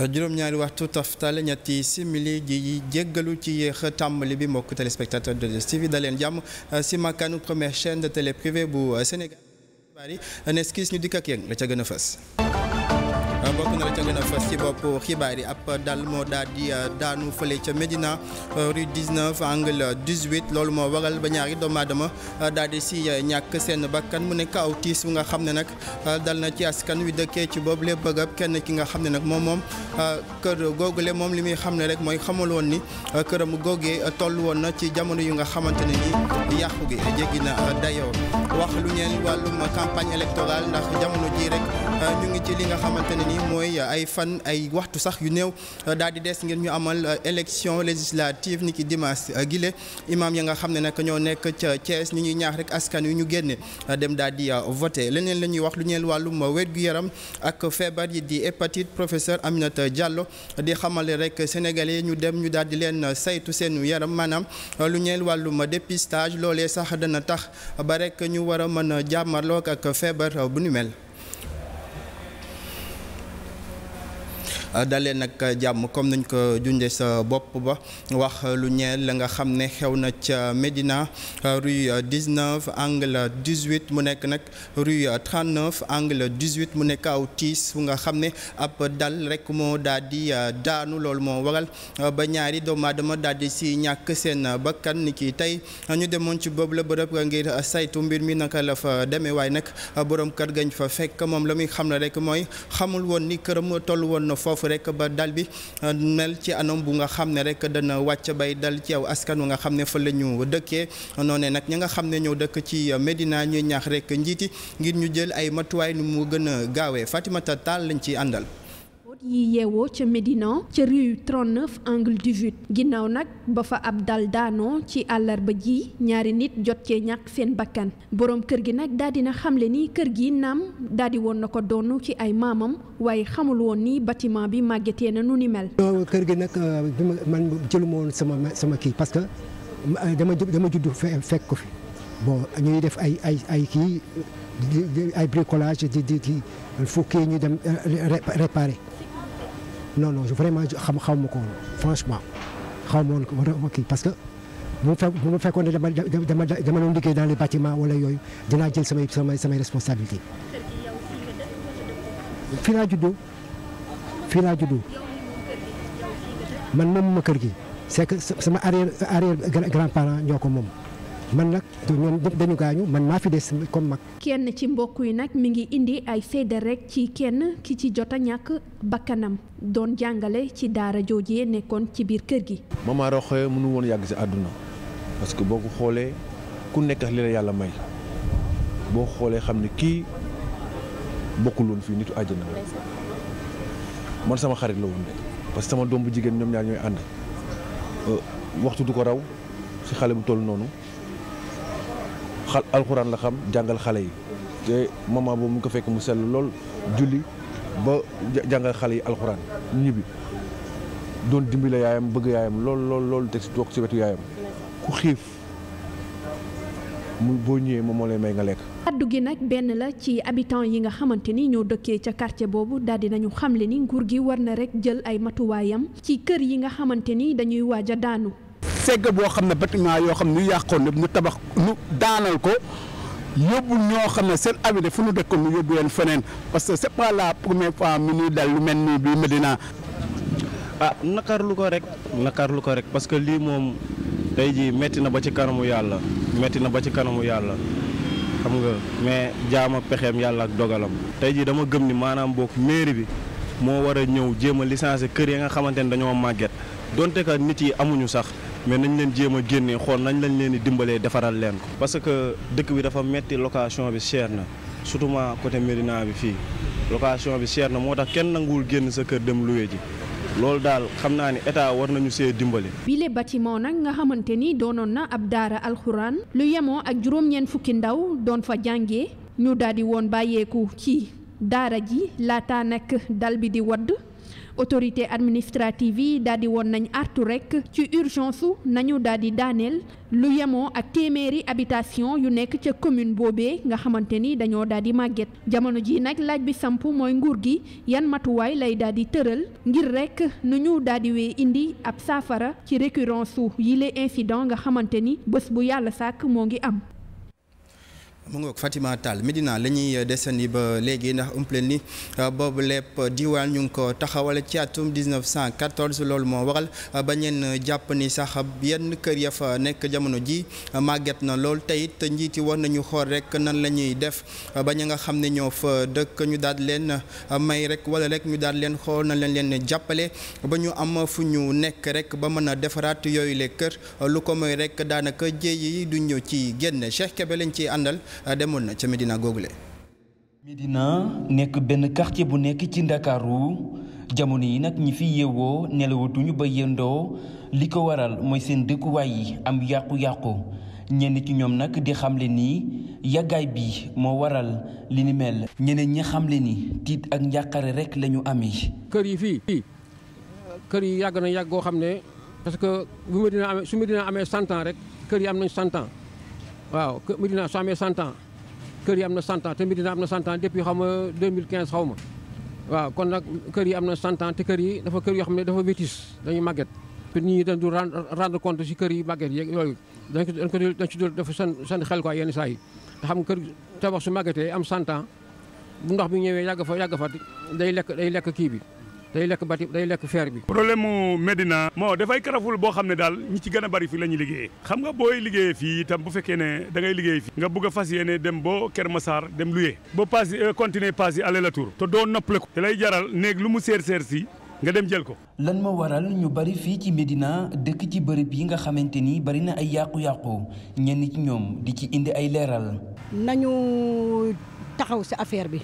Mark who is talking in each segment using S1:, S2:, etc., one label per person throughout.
S1: Euh, juróom-ñaari waxtu toftale ñetti simili ji jéggalu ci yéex tàmbali bi mbokk téléspectateur de 2STV da leen jàmm euh, si makkaanu première de télé bu euh, Sénégal xibaar yi ñu dikk ak yéen la ca gën a fës Euh, bokk na la ca gën a fas ci bopp xibaar yi ab dal moo daal di euh, daanu fale ca Médina euh, rue 19 angle 18 loolu moo waral ba ñaari doomu aadama daal di si ñàkk seen bakkan mu nekk aw tiis bu nga xam ne nag dal na ci askan wi dëkkee ci boobu lépp bërëb kenn ki nga xam ne nag moom moom kër googule moom li muy xam ne rek mooy xamul woon ni këram googee toll woon na ci jamono yu nga xamante ne ni yàqu gi jéggi na dayoo wax lu ñeen wàllum campagne électorale ndax jamono ji rek ñu ngi ci li nga xamante ne mooy ay fan ay waxtu sax yu néew daal di des ngir ñu amal euh, élection législative ni ki dimanche euh, gile imaam ya nga xam ne nag ñoo nekk ca Thiès ñu ñuy ñaax rek askan wi ñu génne euh, dem daal di voté leneen la ñuy wax lu ñeel wàllum wér-gu-yaram ak feebar yi di hépatite professeur Aminata Diallo di xamale rek sénégalais ñu dem ñu daal di leen saytu seenu yaram maanaam lu ñeel wàllum dépistage loole sax dana tax ba rek ñu war a mën a jàmmarloo ak feebar bu nu Euh, dalee nag jàmm comme nañ ko junde sa bopp ba wax lu ñeel la nga xam ne xew na ca Médina euh, rue 19 euh, angle 18 mu nekk nag rue 39 angle 18 mu nekk aw tiis fu nga xam ne ab dal rek moo daal di daanu loolu moo waral ba ñaari doomu aadama daal di si ñàkk seen bakkan ni ki tey dem demoon ci boobu la bërëb ngir saytu mbir mi naka la fa demee waaye nag borom kër gañ fa fekk moom la muy xam ne rek mooy xamul woon ni këram toll woon na foofu foofu ba dal bi euh, mel ci anam bu nga xam ne rek dana wàcc bay dal ci aw askan wu nga xam ne fa la ñu dëkkee noonee nag ñi nga xam ne ñoo dëkk ci euh, Medina ñu ñaax rek njiiti ngir ñu jël ay matuwaay nu mu gën a gaawee Fatimata Tall lañ ci àndal
S2: yi yeewoo ca Médina ca rue 39 angle 18 ginnaaw nag ba fa ab dal daanoo ci àllarba ji ñaari nit jot cee ñàkk seen bakkan boroom kër gi nag daal dina xamle ni kër gi naam daal di woon na ko donn ci ay maamam waaye xamul woon ni bâtiment bi màggetee na nu ni mel.
S1: Euh, kër gi nag euh, bi ma man jëluma woon sama sama kii parce que euh, dama dama judd fekk ko fi bon ñuy def ay ay ay kii ay bricolage di di di il ñu dem réparer. non non vraiment xam xaw ma ko woon franchement xaw ma woon ko ma kii parce que bu ma fekkoon ne dama dama dama doon liggéey dans les bâtiments wala yooyu dinaa jël samay samay samay responsabilité fii laa juddoo fii laa juddoo man moom ma kër gi c'est que sama arrière arrière grand parent ñoo ko moom. man nag ñoom ñëpp dañu gaañu man maa fi des comme mag.
S2: kenn ci mbokk yi nag mi ngi indi ay seede rek ci kenn ki ci jot a ñàkk bakkanam doon jàngale ci daara joojee nekkoon ci biir kër gi.
S3: maman Roxaya mënu woon yàgg si àdduna parce que boo ko xoolee ku nekk li la yàlla may boo xoolee xam ne kii bokkul woon fii nitu àjjana man sama xarit la woon de parce que sama doom bu jigéen ñoom ñaar ñooy ànd euh, waxtu du ko raw si xale bu toll noonu. xal alxuraan la xam jàngal xale yi te maman boobu mu ko fekk mu sell lool julli ba jàngal xale yi alxuraan ñibbi doon dimbale yaayam bëgg yaayam lool lool lool te si toog si wetu yaayam ku xiif mu boo ñëwee moom moo lay may nga lekk.
S2: addu gi nag benn la ci habitants yi nga xamante ni ñoo dëkkee ca quartier boobu daal di nañu xamle ni nguur gi war na rek jël ay matuwaayam ci kër yi nga xamante ni dañuy waaj a daanu.
S4: segg boo xam ne bâtiment yoo xam ne ñu yàqoon yëpp ñu tabax ñu daanal ko yóbbu ñoo xam ne seen avenir fu ñu dëkkoon ñu yóbbu leen feneen parce que c'est pas la première fois mi ñuy dal lu mel nii bii Medina.
S5: ah naqarlu ko rek. naqarlu ko rek parce que lii moom tey jii métti na ba ci kanamu yàlla métti na ba ci kanamu yàlla. xam nga mais jaam ak pexeem yàlla ak dogalam tey jii dama gëm ni maanaam boog mairie bi moo war a ñëw jéem a licencier kër ya nga xamante ne dañoo màgget donte nit yi amuñu sax mais nañ leen jéem a génne xool nañ lañ leen di dimbalee defaral leen ko. parce dëkk bi dafa metti location bi cher na surtout ma côté Médina bi fii location bi cher na moo tax kenn nanguwul génn sa kër dem luwe ji. loolu daal xam naa ni état war nañu see dimbale
S2: dimbali. bile moo nag nga xamante ni doonoon na ab daara alxuraan lu yemoo ak juróom-ñeent fukki ndaw doon fa jàngee ñu daal di woon bàyyeeku ci daara ji laata nag dal bi di wadd autorité administrative yi daal di woon nañu artu rek ci urgence nañu daal di daaneel lu yemoo ak téeméeri habitation yu nekk ca commune boobee nga xamante ni dañoo daal di màgget jamono ji nag laaj bi samp mooy nguur gi yan matuwaay lay daal di tëral ngir rek nu ñu daal di wee indi ab saafara ci récurrence su yile incident nga xamante ni bés bu yàlla sàkk moo ngi am
S1: mu ngoog Fatima Tall Medina la ñuy desandi ba léegi ndax umpleen ni euh, boobu lépp diwaan ñu ngi ko taxawal ci atum 1914 loolu moo waral euh, ba ñenn jàpp ni sax yenn kër ya nekk jamono ji euh, màgget na lool te it njiit yi war nañu xool rek nan la ñuy def ba ña nga xam ne ñoo fa dëkk ñu daal leen may rek wala rek ñu daal leen xool na leen leen jàppale ba ñu am fu ñu nekk rek ba mën a defaraat yooyu le kër lu ko moy rek daanaka jéey yi duñu ci génn Cheikh Kébé lañ ci àndal Euh, demoon na ca Medina googule.
S6: Medina nekk benn quartier bu nekk ci Ndakaaru jamono yi nag ñi fi yeewoo nelawatuñu ba yëndoo li ko waral mooy seen dëkkuwaay yi am yàqu-yàqu ñenn ci ñoom nag di xamle ni yàggaay bi moo waral li ni mel. ñeneen ñi xamle ni tiit ak njàqare rek lañu ñu amee. kër yi fii
S5: kër yi yàgg na yàgg goo xam ne parce que bu Medina amee su Medina amee cent rek kër yi am nañ cent waaw Médina su amee 100 ans kër yi am na 100 ans te Médina am na 100 ans depuis xaw ma 2015 xaw ma waaw kon nag kër yi am na 100 te kër yi dafa kër yoo xam ne dafa vétus dañuy màgget. te nit ñi dañ du rendre compte si kër yi màgget yeeg yooyu dañ ko dañ ko dañ si doon dafa seen seen xel quoi yenn saa yi te xam kër tabax su màggetee am 100 ans bu ndox bi ñëwee yàgg fa yàgg fa day lekk day lekk kii bi. day lekk bati day lekk fer bi. problème mu Medina. moo dafay karaful boo xam ne daal ñi ci gën a bari fii la ñuy liggéeyee. xam nga booy liggéeyee fii itam bu fekkee ne dangay ngay liggéey fii. nga bugg a fas yéene dem boo Kër Massar dem Louga. ba paas euh, continuer paas yi aller retour. te doo noppaleku. te lay jaral néeg lu mu seer seer si. nga dem jël
S6: ko. lan moo waral ñu bari fii ci Medina dëkk ci bërëb yi nga xamante ni bari na ay yàqu-yàqu ñenn ci ñoom di ci indi ay leeral.
S7: nañu taxaw ci affaire bi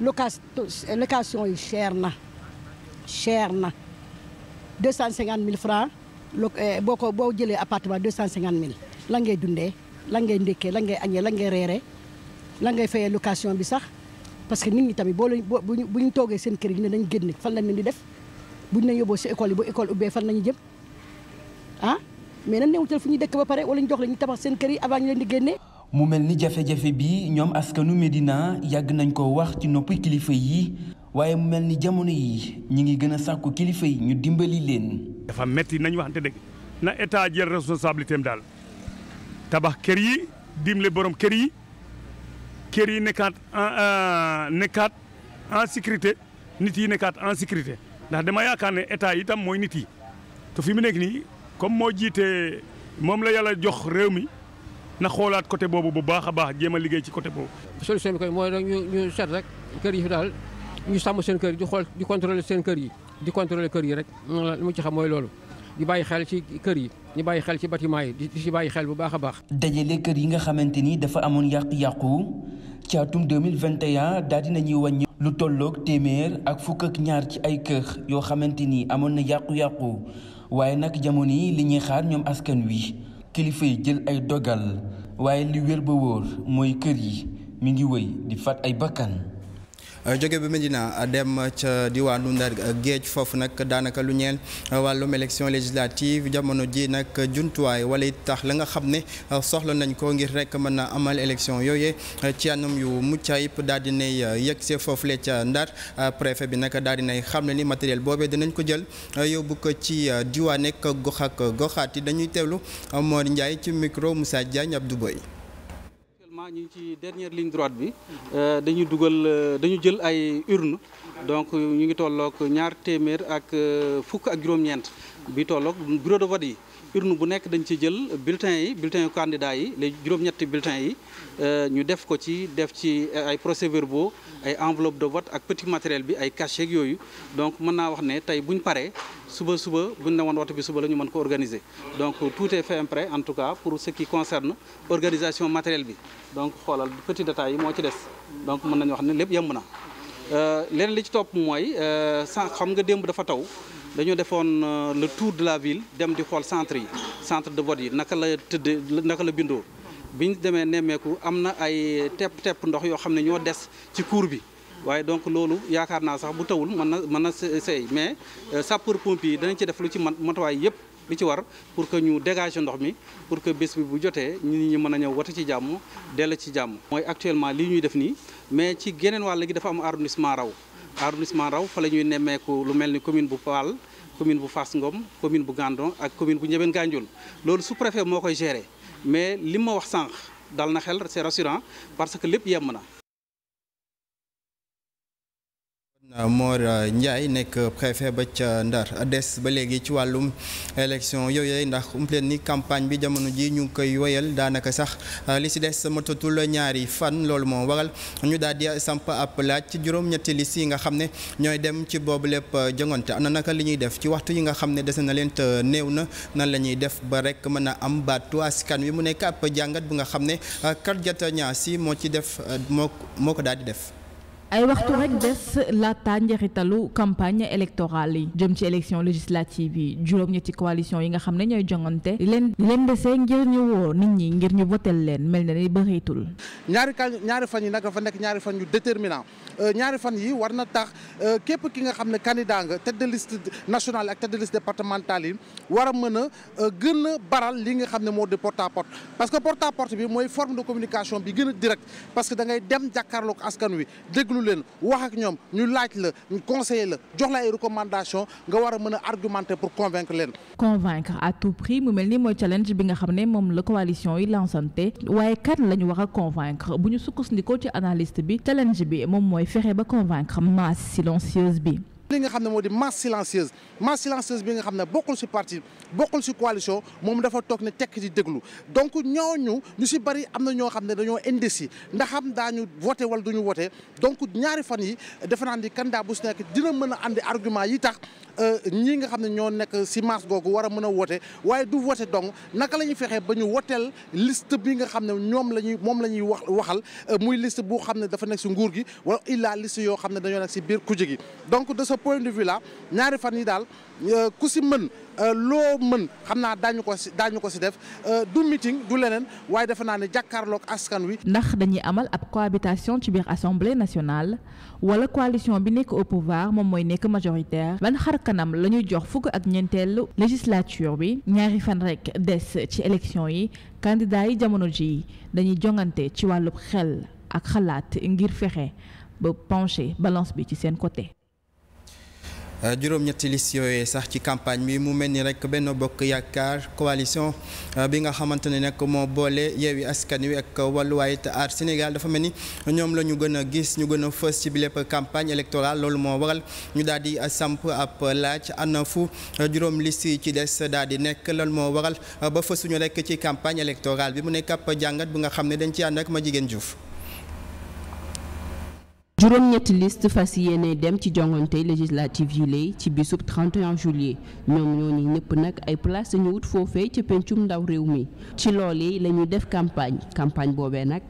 S7: location location na. cher na deux cent cinquante mille francs lo eh, boo ko boo jëlee appartement deux cent cinquante mille la ngay dundee la ngay ndékkee la ngay añee la ngay reeree la ngay fayee location bi sax parce que nit ñi tamit boo leen bu ñu toogee seen kër yi ne dañ génn fan lañ leen di def bu ñu leen école ba école ubbee fan nañu jëm ah mais nan ne wutal fu ñuy dëkk ba pare wala ñu jox la ñu tabax seen kër yi avant ñu leen di génnee.
S6: mu mel ni jafe-jafe bi ñoom askanu Médina yàgg nañ ko wax ci noppi kilifa yi. waaye mu mel ni jamono yi ñu ngi gën a sàkku kilifa yi ñu dimbali leen. dafa metti nañu waxante dëgg na état jël responsabilité am daal
S5: tabax kër yi dimle borom kër yi kër yi nekkaat en euh, nekkaat en sécurité nit yi nekkaat en sécurité ndax dama yaakaar ne état yi itam mooy nit yi te fi mu nekk nii comme moo jiite moom la yàlla jox réew mi na xoolaat côté boobu bu baax a baax jéem a liggéey ci côté boobu. solution bi koy mooy rek ñu ñu seet rek kër yi fi daal. ñu sàmm seen kër yi di xool di contrôler seen kër yi di contrôler kër yi rek li mu ci xam mooy loolu di bàyyi xel ci kër yi ñu bàyyi xel ci bâtiment yi di ci bàyyi
S6: xel bu baax a baax. dajale kër yi nga xamante ni dafa amoon yàqu-yàqu ci atum 2021 daal di nañuy wàññi. lu tollook téeméer ak fukk ak ñaar ci ay kër yoo xamante ni amoon na yàqu-yàqu waaye nag jamono yi li ñuy xaar ñoom askan wi kilifa yi jël ay dogal waaye li wér ba wóor mooy kër yi mu ngi wëy di faat
S1: ay bakkan. Euh, jóge ba Médina euh, dem ca diwaanu Ndar euh, géej foofu nag daanaka lu ñeel wàllum élection législative jamono ji nag jumtuwaay wala it tax la nga xam ne soxla nañ ko ngir rek mën a amal élection yooyee ci anam yu mucc ayib daal di nay yegg see foofu le ca Ndar préfet bi nag daal di nay xam ne ni matériel boobee dinañ ko jël yóbbu ko ci diwaan ak gox ak goxaat yi dañuy teewlu Mor Ndiaye ci micro Moussa Diagne Abdou Boye
S8: actuellement ñu ngi ci dernière ligne droite bi euh, dañu dugal euh, dañu jël ay urn donc ñu ngi tollook ñaar téeméer ak euh, fukk ak juróom-ñeent bi tolloog bureau de vote yi urne bu nekk dañ ci jël bulletin yi bulletin yu candidat yi les juróom yi euh, ñu def ko ci def ci ay procès bo ay enveloppe de vote ak petit matériel bi ay cachet yooyu donc mën naa wax ne tey buñ paree suba suba buñ ne woon wote bi suba la ñu mën ko organiser donc tout est fait prêt en tout cas pour ce qui concerne organisation matériel bi donc xoolal petit détail yi moo ci des donc mën nañu wax n lépp yemb na Euh, leneen li ci topp mooy euh, sànq xam nga démb dafa taw dañoo defoon euh, le tour de la ville dem di xool centre yi centre de vote yi naka la tëdd naka la bindoo bi ñu demee nemmeeku am na ay tepp tepp ndox yoo xam ne ñoo des ci cour bi waaye donc loolu yaakaar naa sax bu tawul mën na mën na seey mais sapeur pompier yi danañ ci def lu ci matuwaay yëpp. li ci war pour que ñu dégager ndox mi pour que bés bi bu jotee nit ñi mën a ñëw wata ci jàmm dell ci jàmm mooy actuellement li ñuy def nii mais ci geneen wàll gi dafa am arrondissement raw arrondissement raw fa la ñuy nemmeeku lu mel ni commune bu Paal commune bu Fass Ngom commune bu Gandon ak commune bu Ndiébène Gandiol loolu su préfet moo koy gérer mais li ma wax sànq dal na xel c'est rassurant parce que lépp yemm na
S1: Mor Ndiaye nekk préfet ba ca Ndar des ba léegi ci wàllum élection yooyu ndax um leen ni campagne bi jamono ji ñu ngi koy woyal daanaka sax euh, li si des matatul ñaari fan loolu moo waral ñu daal di samp ab laaj ci juróom-ñetti liste yi nga xam ne ñooy dem ci boobu lépp euh, jongante na naka li ñuy def ci waxtu yi nga xam ne dese na leen te néew na nan la ñuy def ba rek mën a am baatu askan wi mu nekk ab jàngat bu nga xam ne kar euh, Kardiata Niasse moo ci def moo moo ko daal di def.
S9: ay waxtu rek des laata njeexitalu campagne électorale yi jëm ci élection législative yi juróom-ñetti coalition yi nga xam ne ñooy jongante leen leen desee ngir ñu woo nit ñi ngir ñu votel leen mel na ni bëreetul.
S3: ñaari ka ñaari fan yi nag dafa nekk ñaari fan yu déterminant euh, ñaari fan yi war na tax euh, képp ki nga xam ne candidat nga tête de liste nationale ak tête de liste départementale yi war a mën euh, a baral li nga xam ne moo di porte à porte parce que porte à porte bi mooy forme de communication bi gën a que da ngay dem jàkkaarloog askan wi déglu leen wax ak ñoom ñu laaj la ñu conseiller la jox la ay recommandations nga war a mën a argumenter pour convaincre leen.
S9: convaincre à tout prix mu mel ni mooy challenge bi nga xam ne moom la coalition yi lancante waaye kan la ñu war a convaincre bu ñu sukkandikoo ci analyste bi challenge bi moom mooy fexe ba convaincre masse silencieuse bi.
S3: li nga xam ne moo di masse silencieuse masse silencieuse bi nga xam ne bokkul ci parti bokkul ci coalition moom dafa toog ne tekk di déglu donc ñooñu ñu si bari am na ñoo xam ne dañoo indécis ndax xam daañu voté wala duñu voté donc ñaari fan yi defe naa ni candidat bu si nekk dina mën a andi argument yi tax Euh, ñii nga xam ne ñoo nekk si mars googu war a mën a woote waaye du woote dong naka la ñuy fexee ba ñu woteel list bi nga xam ne ñoom la ñuy moom la ñuy wax waxal euh, muy liste bu xam ne dafa nekk si nguur gi wala illaa liste yoo xam ne dañoo nekk si biir kuje gi donc de ce point de villa ñaari fan yi daal euh, ku si mën Euh, loo mën xam naa daañu ko si daañu ko si def euh, du meeting du leneen waaye defe naa ne jàkkaarloog askan wi.
S9: ndax dañuy amal ab cohabitation ci biir assemblée nationale wala coalition bi nekk au pouvoir moom mooy nekk majoritaire ban xar kanam la jox fukk ak ñeenteel législature bi ñaari fan rek des ci élection yi candidat yi jamono ji dañuy jongante ci wàllub xel ak xalaat ngir fexe ba pencher balance bi ci seen côté.
S1: Euh, juróom-ñetti liste yooyee sax ci campagne bi mu mel ni rek benn bokk yaakaar coalition euh, bi nga xamante ne nag moo boole yeewi askan wi ak wàlluwaay te aar Sénégal dafa mel ni ñoom la ñu gën a gis ñu gën a fës ci bi lépp campagne électorale loolu moo waral ñu daal di samp ab laaj ana fu euh, juróom liste yi ci des daal di nekk loolu moo waral ba fësuñu rek ci campagne électorale bi mu nekk ab jàngat bu nga xam ne dañ ci ànd ak ma jigéen Diouf
S7: juróom-ñetti list fas yéene dem ci jongante législative yi lay ci bisub 31 juillet ñoom ni ñëpp nag ay place ñu wut foofee ca pencum ndaw réew mi ci lool la lañuy def campagne campagne boobee nag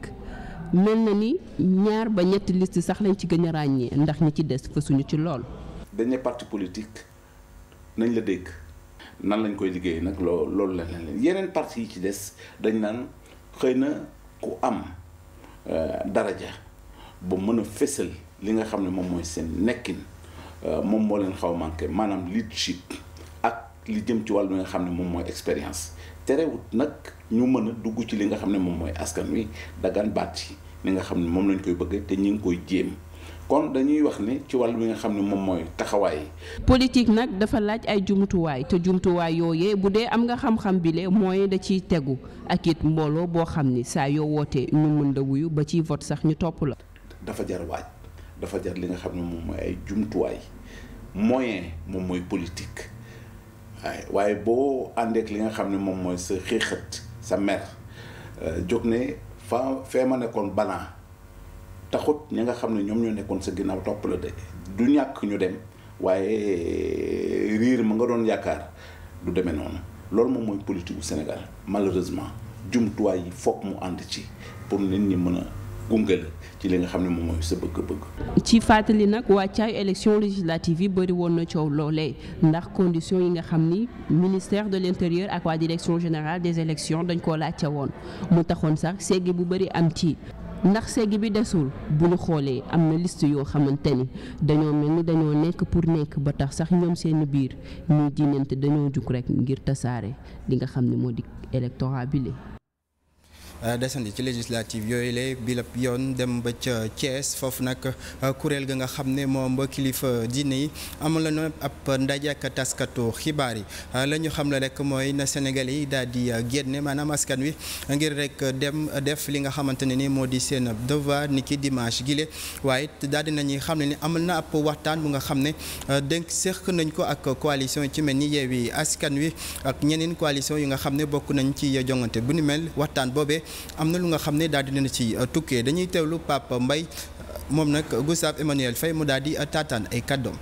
S7: mel na ni ñaar ba ñetti list sax lañ ci gën a ràññee ndax ñi ci des suñu ci lool.
S4: dañu parti politique nañ la dégg nan lañ koy liggéey nag loo loolu la leen yeneen parti yi ci des dañ naan xëy na ku am euh, daraja. ba mën a fésal li nga xam ne moom mooy seen nekkin euh, moom moo leen xaw a manqué maanaam leadership ak li jëm ci wàll li nga xam ne moom mooy expérience terewut nag ñu mën a dugg ci li nga xam ne moom mooy askan wi dagaan baat yi li nga xam ne moom lañ koy bëgg te ñu ngi koy jéem kon dañuy wax ne ci wàllu bi nga xam ne moom mooy taxawaay
S7: politique nag dafa laaj ay jumtuwaay te jumtuwaay yooyee bu dee am nga xam-xam bile mooy da ciy tegu ak it mbooloo boo xam ni saa yow wootee ñu mën da wuyu ba ciy vote sax ñu topp la dafa
S4: jar waaj dafa jar li nga xam ne moom mooy ay jumtuwaay moyen moom mooy politique waaye waaye boo àndeek li nga xam ne moom mooy sa xéexat sa mer euh, jóg ne fa fee ma nekkoon banaa taxut ñi nga xam ne ñoom ñoo nekkoon sa ginnaaw topp la de du ñàkk ñu dem waaye euh, riir mu nga doon yaakaar du demee noonu loolu moom mooy politique u Sénégal malheureusement jumtuwaay yi foog mu ànd ci pour nit ñi mën a gunge la ci li nga xam ne moom mooy sa
S7: bëgg-bëgg. ci fàttali nag wàccaayu élection législative yi bëri woon na coow loolee ndax condition yi nga xam ni ministère de l' intérieur ak waa direction générale des élections dañ koo laajte woon mu taxoon sax seggi bu bëri am ci. ndax seggi bi desul bu ñu xoolee am na liste yoo xamante ni dañoo mel ni dañoo nekk pour nekk ba tax sax ñoom seen biir ñuy jinante dañoo jug rek ngir tasaare li nga xam ne moo di électorat bi
S1: Euh, desandi ci législative yooyu la bi la yoon dem ba ca Thiès foofu nag euh, kuréel ga nga xam ne moom ba kilifa diine yi amaloon na ab ndaje ak taskatu xibaar yi euh, la ñu xam la rek mooy na Sénégalais yi daal di génne maanaam askan wi ngir rek dem def li nga xamante ne ni moo di seen devoir ni ki dimanche gile waaye daldi di nañuy xam ne ni amal na ab waxtaan bu nga xam ne dénk séq nañ ko ak coalition ci mel ni Yewwi Askan Wi ak ñeneen coalition yi nga xam ne bokk nañ ci jongante bu ni mel waxtaan boobee am na lu nga xam ne daal dina ci euh, tukkee dañuy teewlu Pape mbay euh, moom nag Gustave Emmanuel Faye mu daal di euh, taataan ay kàddoom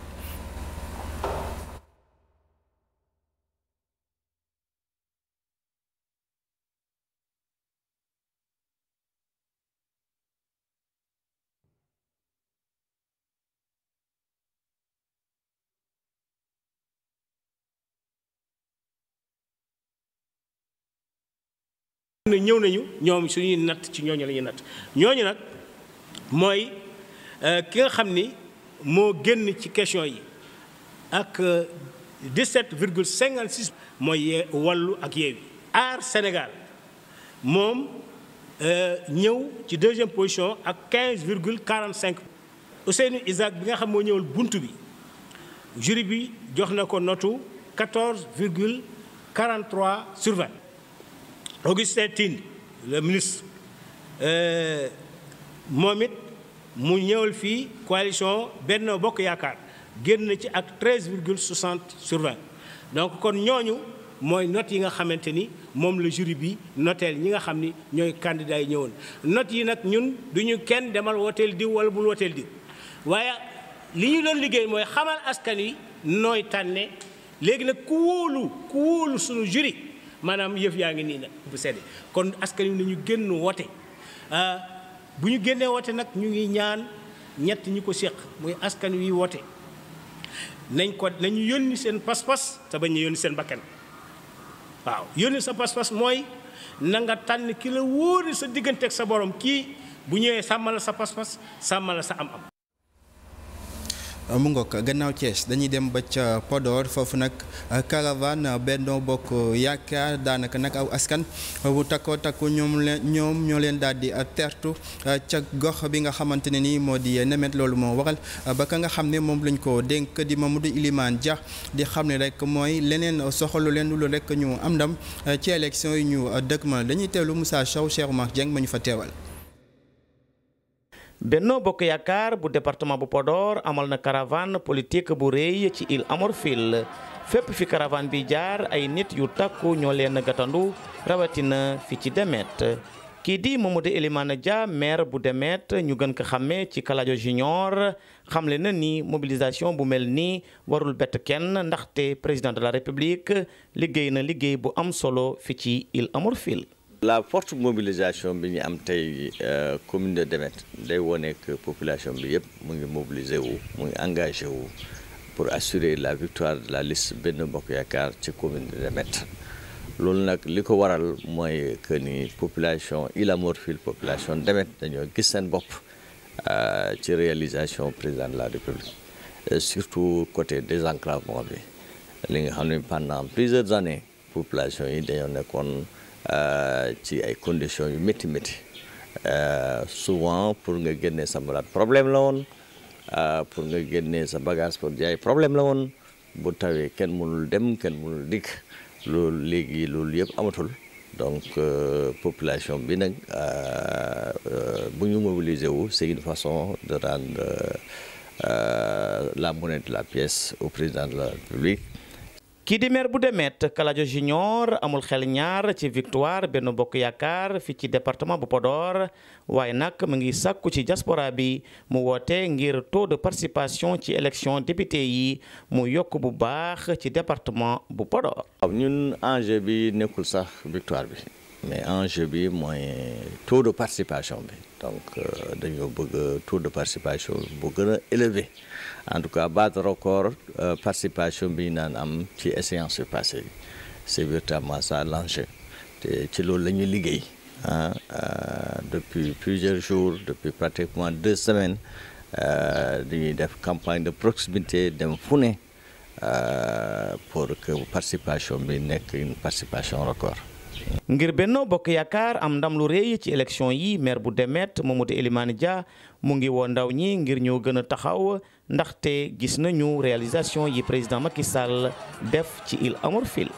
S5: ñëw nañu ñoom suñuy natt ci ñooñu la ñuy natt ñooñu nag mooy euh, ki nga xam ni moo génn ci question yi ak 17 euh, virgule 56 mooy wàllu ak yeewi aar Sénégal moom euh, ñëw ci deuxième position ak 15 virgule 45 Ousseynou Isaac bi nga xam moo ñëwal bunt bi jury bi jox na ko notu 14 virgule 43 sur Augustin Tine le ministre euh, moom it mu ñëwal fii coalition benn Bokk Yaakaar génn ci ak 13 virgule 60 sur 20 donc kon ñooñu mooy not yi nga xamante ni moom la jury bi noteel ñi nga xam ni ñooy candidats yi ñëwoon not yi nag ñun duñu kenn demal woteel diw wala bul woteel diw waaye li ñu doon liggéey mooy xamal askan yi nooy tànne léegi nag ku wóolu ku wóolu suñu jury maanaam yëf yaa ngi nii nag bu sedd kon askan wi ñu génn woote ah, bu ñu génnee woote nag ñu ngi ñaan ñett ñi ko séq muy askan wi woote nañ ko nañu yónni seen pas-pas te bañ ñu yónni seen bakken waaw yónni sa pas-pas mooy nanga tànn ki la wóori sa diggante ak sa borom kii bu ñëwee sàmmal sa pas-pas sàmmal sa am-am.
S1: Euh, mu ngoog gannaaw cees dañuy dem ba ca Podor foofu nag euh, caravane euh, Benno Bokk Yaakaar daanaka nag aw askan bu takkoo takku ñoom ñoom ñoo leen daal di tertu ca gox bi nga xamante ne nii moo di nemet loolu moo waxal ba ka nga xam ne moom lañ ko dénk di ma Mamadou Ilimane Dia di xam ne rek mooy leneen soxalu leen lu rek ñu am ndam ci élection yi ñu dëkk ma dañuy teewlu Moussa Sow Cheikh Oumar Dieng ma ñu fa teewal. Benno Bokk
S10: Yaakaar bu département bu Podor amal na caravane politique bu rëy ci Île à Morphil fépp fi caravane bi jaar ay nit yu takku ñoo leen gatandu rawatina fi ci Demet kii di Mamadou Elimane Dia maire bu Demet ñu gën ko xàmmee ci Kalajo Junior xamle na ni mobilisation bu mel nii warul bett kenn ndaxte président de la république liggéey na liggéey bu am solo fi ci Île à
S11: la forte mobilisation bi ñu am tey euh, commune de Demet day wone que population bi yëpp mu ngi mobiliser wu mu ngi engagé wu pour assurer la victoire de la liste benn Bokk Yaakaar ci commune de Demet loolu nag li ko waral mooy que ni population il Ila Morphil population Demet dañoo gis seen bopp euh, ci réalisation président de la République et surtout côté désenclavement bi li nga xam ne pendant plusieurs années population yi dañoo nekkoon Euh, ci ay conditions yu métti métti euh, souvent pour nga génnee sa malade problème la woon euh, pour nga génnee sa bagage pour jaay problème la woon bu tawee kenn mënul dem kenn munul dikk loolu léegi loolu yëpp amatul donc population bi nag bu ñu mobiliser wu c'est une façon de rendre la monnaie de la pièce au président de la République
S10: kii di maire bu Demet Kaladio Junior amul xel ñaar ci victoire benn bokk yaakaar fii ci département bu Podor waaye nag mu ngi sàkku ci jaspora bi mu wootee ngir taux de participation ci élection député yi mu yokk bu baax ci
S11: département bu Podor. waaw ñun enjeu bi nekkul sax victoire bi mais enjeu bi mooy taux de participation bi donc euh, dañoo bëgg tour de participation bu gën a élevé. en tout cas battre record euh, participation bi naan am ci échéance bi passé bi c'est véritablement ça l'enjeu te ci loolu la ñuy liggéey ah depuis plusieurs jours depuis pratiquement deux semaines euh, dañuy def campagne de proximité dem fu ne pour que participation bi nekk une participation record. ngir Benno Bokk
S10: Yaakaar am ndam lu rëy ci élection yi maire bu Demet Mamadou Elimane Dia mu ngi woo ndaw ñi ngir ñoo gën a taxaw ndaxte gis nañu réalisation yi président Macky Sall
S1: def ci Île à Morphil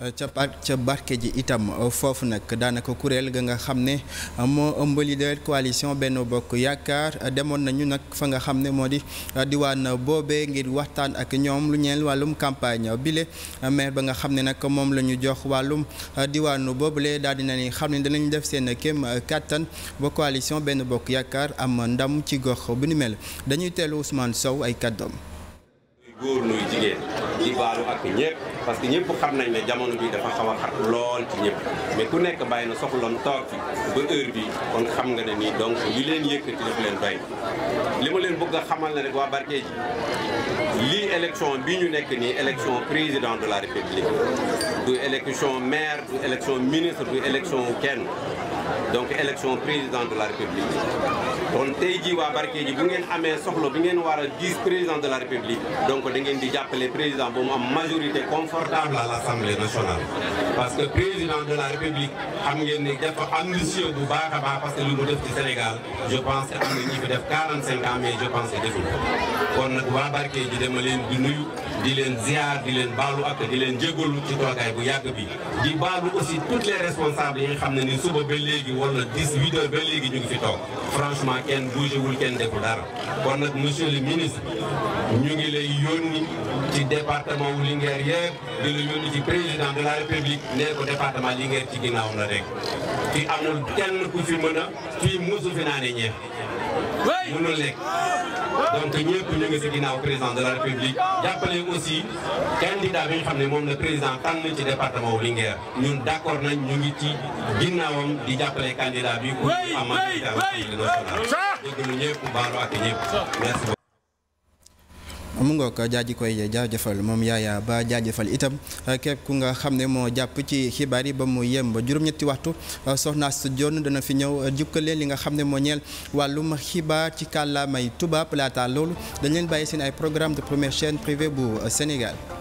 S1: ca parc ca barke ji itam uh, foofu nag daanaka kuréel ga nga xam ne uh, moo ëmbali leader coalition benn Bokk Yaakaar uh, demoon nañu nag fa nga xam ne moo di diwaan boobee ngir waxtaan ak ñoom lu ñeel wàllum campagne bile maire ba nga xam ne nag moom la ñu jox wàllum diwaanu boobule daal di nañu xam ne danañ def seen kem kattan ba coalition benn Bokk Yaakaar am ndam ci gox bu ni mel dañuy teelu Ousmane Sow ay kàddoom.
S12: parce que ñëpp xam nañ ne jamono bi dafa xaw a xat lool ci ñëpp mais ku nekk bàyyi na soxloon toog fi ba heure bi kon xam nga ne nii donc li leen yëkkati daf leen doy li ma leen bëgg a xamal na rek waa Bargeji lii élection bi ñu nekk nii élection président de la république du élection maire du élection ministre du élection kenn donc élection président de la république kon tey jii waa Barkédji bu ngeen amee soxla bi ngeen war a gis président de la république donc da ngeen di jàppale président ba mu am majorité confortable à l' assemblée nationale. parce que président de la république xam ngeen dafa ambitieux bu baax a baax parce que lu mu def ci Sénégal je pense que am na ñi fi def 45 ans mais je pense que deful ko kon nag waa Barkédji dama leen di nuyu. di leen ziar di leen baalu ak di leen jégalu ci toogaay bu yàgg bi di baalu aussi toutes les responsables yi nga xam ne ni suba ba léegi wala 18 heures ba léegi ñu ngi fi toog franchement kenn bougé wul kenn defu dara kon nag monsieur le ministre ñu ngi lay yónni ci département wu Linguère yëpp di la yónni ci président de la république nee ko département Linguère ci ginnaaw la rek fi amul kenn ku fi mën a fii fi naa ne mënul nekk donc ñëpp ñu ngi si ginnaaw président de la république jàppale aussi candidat bi nga xam ne moom la président tànn ci département wu Linguère ñun d'accord nañ ñu ngi ci ginnaawam di jàppale candidat bi pour am national déglu ñëpp baalu ak ñëpp merci
S1: mu ngoog jaaji koy jaajëfal moom yaaya ba jaajëfal itam eh, képp ku nga xam ne moo jàpp ci xibaar yi ba mu yem ba juróom-ñetti waxtu eh, soxna Astou Dione dana fi ñëw eh, jukkale li nga xam ne moo ñeel wàllum xibaar ci kàllaamay tubaab laata loolu dañ leen bàyyi seen ay programme de première chaîne privée bu Sénégal